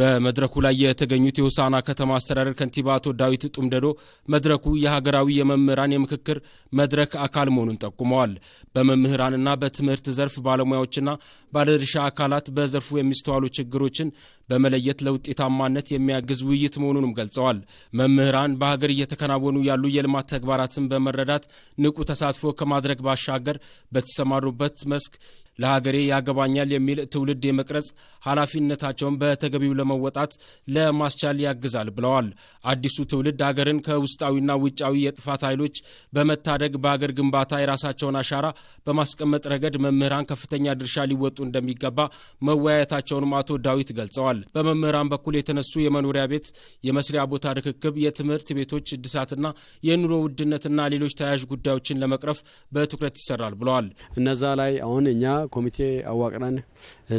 በመድረኩ ላይ የተገኙት የሆሳና ከተማ አስተዳደር ከንቲባ አቶ ዳዊት ጡምደዶ መድረኩ የሀገራዊ የመምህራን የምክክር መድረክ አካል መሆኑን ጠቁመዋል። በመምህራንና በትምህርት ዘርፍ ባለሙያዎችና ባለድርሻ አካላት በዘርፉ የሚስተዋሉ ችግሮችን በመለየት ለውጤታማነት የሚያግዝ ውይይት መሆኑንም ገልጸዋል። መምህራን በሀገር እየተከናወኑ ያሉ የልማት ተግባራትን በመረዳት ንቁ ተሳትፎ ከማድረግ ባሻገር በተሰማሩበት መስክ ለሀገሬ ያገባኛል የሚል ትውልድ የመቅረጽ ኃላፊነታቸውን በተገቢው ለመወጣት ለማስቻል ያግዛል ብለዋል። አዲሱ ትውልድ ሀገርን ከውስጣዊና ውጫዊ የጥፋት ኃይሎች በመታደግ በሀገር ግንባታ የራሳቸውን አሻራ በማስቀመጥ ረገድ መምህራን ከፍተኛ ድርሻ ሊወጡ እንደሚገባ መወያየታቸውንም አቶ ዳዊት ገልጸዋል። በመምህራን በኩል የተነሱ የመኖሪያ ቤት የመስሪያ ቦታ ርክክብ፣ የትምህርት ቤቶች እድሳትና የኑሮ ውድነትና ሌሎች ተያያዥ ጉዳዮችን ለመቅረፍ በትኩረት ይሰራል ብለዋል። እነዛ ላይ አሁን እኛ ኮሚቴ አዋቅረን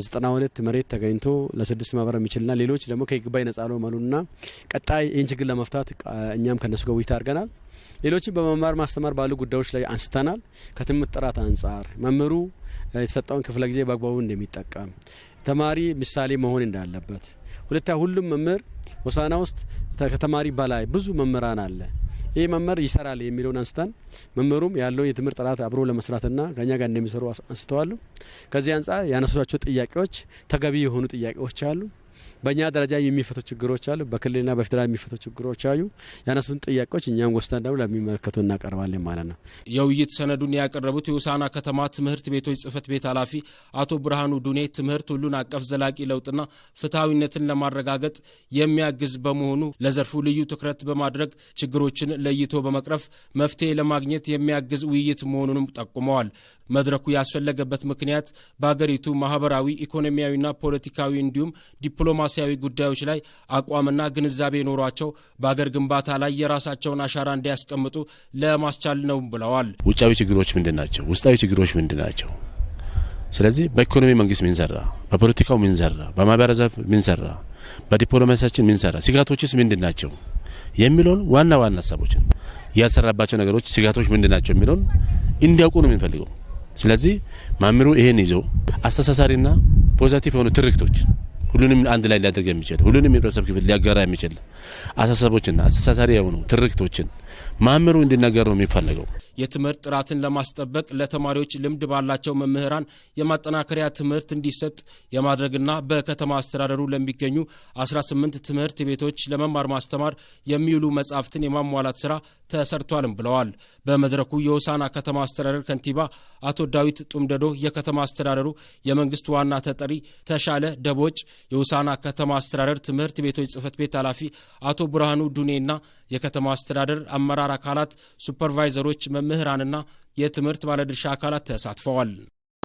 ዘጠና ሁለት መሬት ተገኝቶ ለስድስት ማህበር የሚችልና ሌሎች ደግሞ ከይግባኝ ነጻ ነው መሉና ቀጣይ ይህን ችግር ለመፍታት እኛም ከነሱ ጋር ውይይት አድርገናል። ሌሎችን በመማር ማስተማር ባሉ ጉዳዮች ላይ አንስተናል። ከትምህርት ጥራት አንጻር መምህሩ የተሰጠውን ክፍለ ጊዜ በአግባቡ እንደሚጠቀም ተማሪ ምሳሌ መሆን እንዳለበት፣ ሁለታ ሁሉም መምህር ሆሳዕና ውስጥ ከተማሪ በላይ ብዙ መምህራን አለ ይህ መምህር ይሰራል የሚለውን አንስተን መምህሩም ያለውን የትምህርት ጥራት አብሮ ለመስራትና ከኛ ጋር እንደሚሰሩ አንስተዋሉ። ከዚህ አንጻር ያነሷቸው ጥያቄዎች ተገቢ የሆኑ ጥያቄዎች አሉ። በእኛ ደረጃ የሚፈቱ ችግሮች አሉ፣ በክልልና በፌዴራል የሚፈቱ ችግሮች አሉ። ያነሱን ጥያቄዎች እኛም ወስደን ደግሞ ለሚመለከቱ እናቀርባለን ማለት ነው። የውይይት ሰነዱን ያቀረቡት የውሳና ከተማ ትምህርት ቤቶች ጽህፈት ቤት ኃላፊ አቶ ብርሃኑ ዱኔ ትምህርት ሁሉን አቀፍ ዘላቂ ለውጥና ፍትሐዊነትን ለማረጋገጥ የሚያግዝ በመሆኑ ለዘርፉ ልዩ ትኩረት በማድረግ ችግሮችን ለይቶ በመቅረፍ መፍትሄ ለማግኘት የሚያግዝ ውይይት መሆኑንም ጠቁመዋል። መድረኩ ያስፈለገበት ምክንያት በሀገሪቱ ማህበራዊ፣ ኢኮኖሚያዊና ፖለቲካዊ እንዲሁም ዲፕሎማሲያዊ ጉዳዮች ላይ አቋምና ግንዛቤ ኖሯቸው በሀገር ግንባታ ላይ የራሳቸውን አሻራ እንዲያስቀምጡ ለማስቻል ነው ብለዋል። ውጫዊ ችግሮች ምንድን ናቸው? ውስጣዊ ችግሮች ምንድን ናቸው? ስለዚህ በኢኮኖሚ መንግስት ምንሰራ፣ በፖለቲካው ምንሰራ፣ በማህበረሰብ ምንሰራ፣ በዲፕሎማሲያችን ምንሰራ፣ ስጋቶችስ ምንድን ናቸው የሚለውን ዋና ዋና ሀሳቦችን ያልሰራባቸው ነገሮች ስጋቶች ምንድን ናቸው የሚለውን እንዲያውቁ ነው የምንፈልገው። ስለዚህ ማምሩ ይሄን ይዞ አስተሳሳሪና ፖዘቲቭ የሆኑ ትርክቶች ሁሉንም አንድ ላይ ሊያደርግ የሚችል ሁሉንም የህብረተሰብ ክፍል ሊያጋራ የሚችል አስተሳሰቦችና አስተሳሳሪ የሆኑ ትርክቶችን ማምሩ እንዲናገር ነው የሚፈልገው። የትምህርት ጥራትን ለማስጠበቅ ለተማሪዎች ልምድ ባላቸው መምህራን የማጠናከሪያ ትምህርት እንዲሰጥ የማድረግና በከተማ አስተዳደሩ ለሚገኙ 18 ትምህርት ቤቶች ለመማር ማስተማር የሚውሉ መጻሕፍትን የማሟላት ስራ ተሰርቷልም ብለዋል። በመድረኩ የሆሳና ከተማ አስተዳደር ከንቲባ አቶ ዳዊት ጡምደዶ፣ የከተማ አስተዳደሩ የመንግስት ዋና ተጠሪ ተሻለ ደቦጭ፣ የሆሳና ከተማ አስተዳደር ትምህርት ቤቶች ጽህፈት ቤት ኃላፊ አቶ ብርሃኑ ዱኔና የከተማው አስተዳደር አመራር አካላት፣ ሱፐርቫይዘሮች፣ መምህራንና የትምህርት ባለድርሻ አካላት ተሳትፈዋል።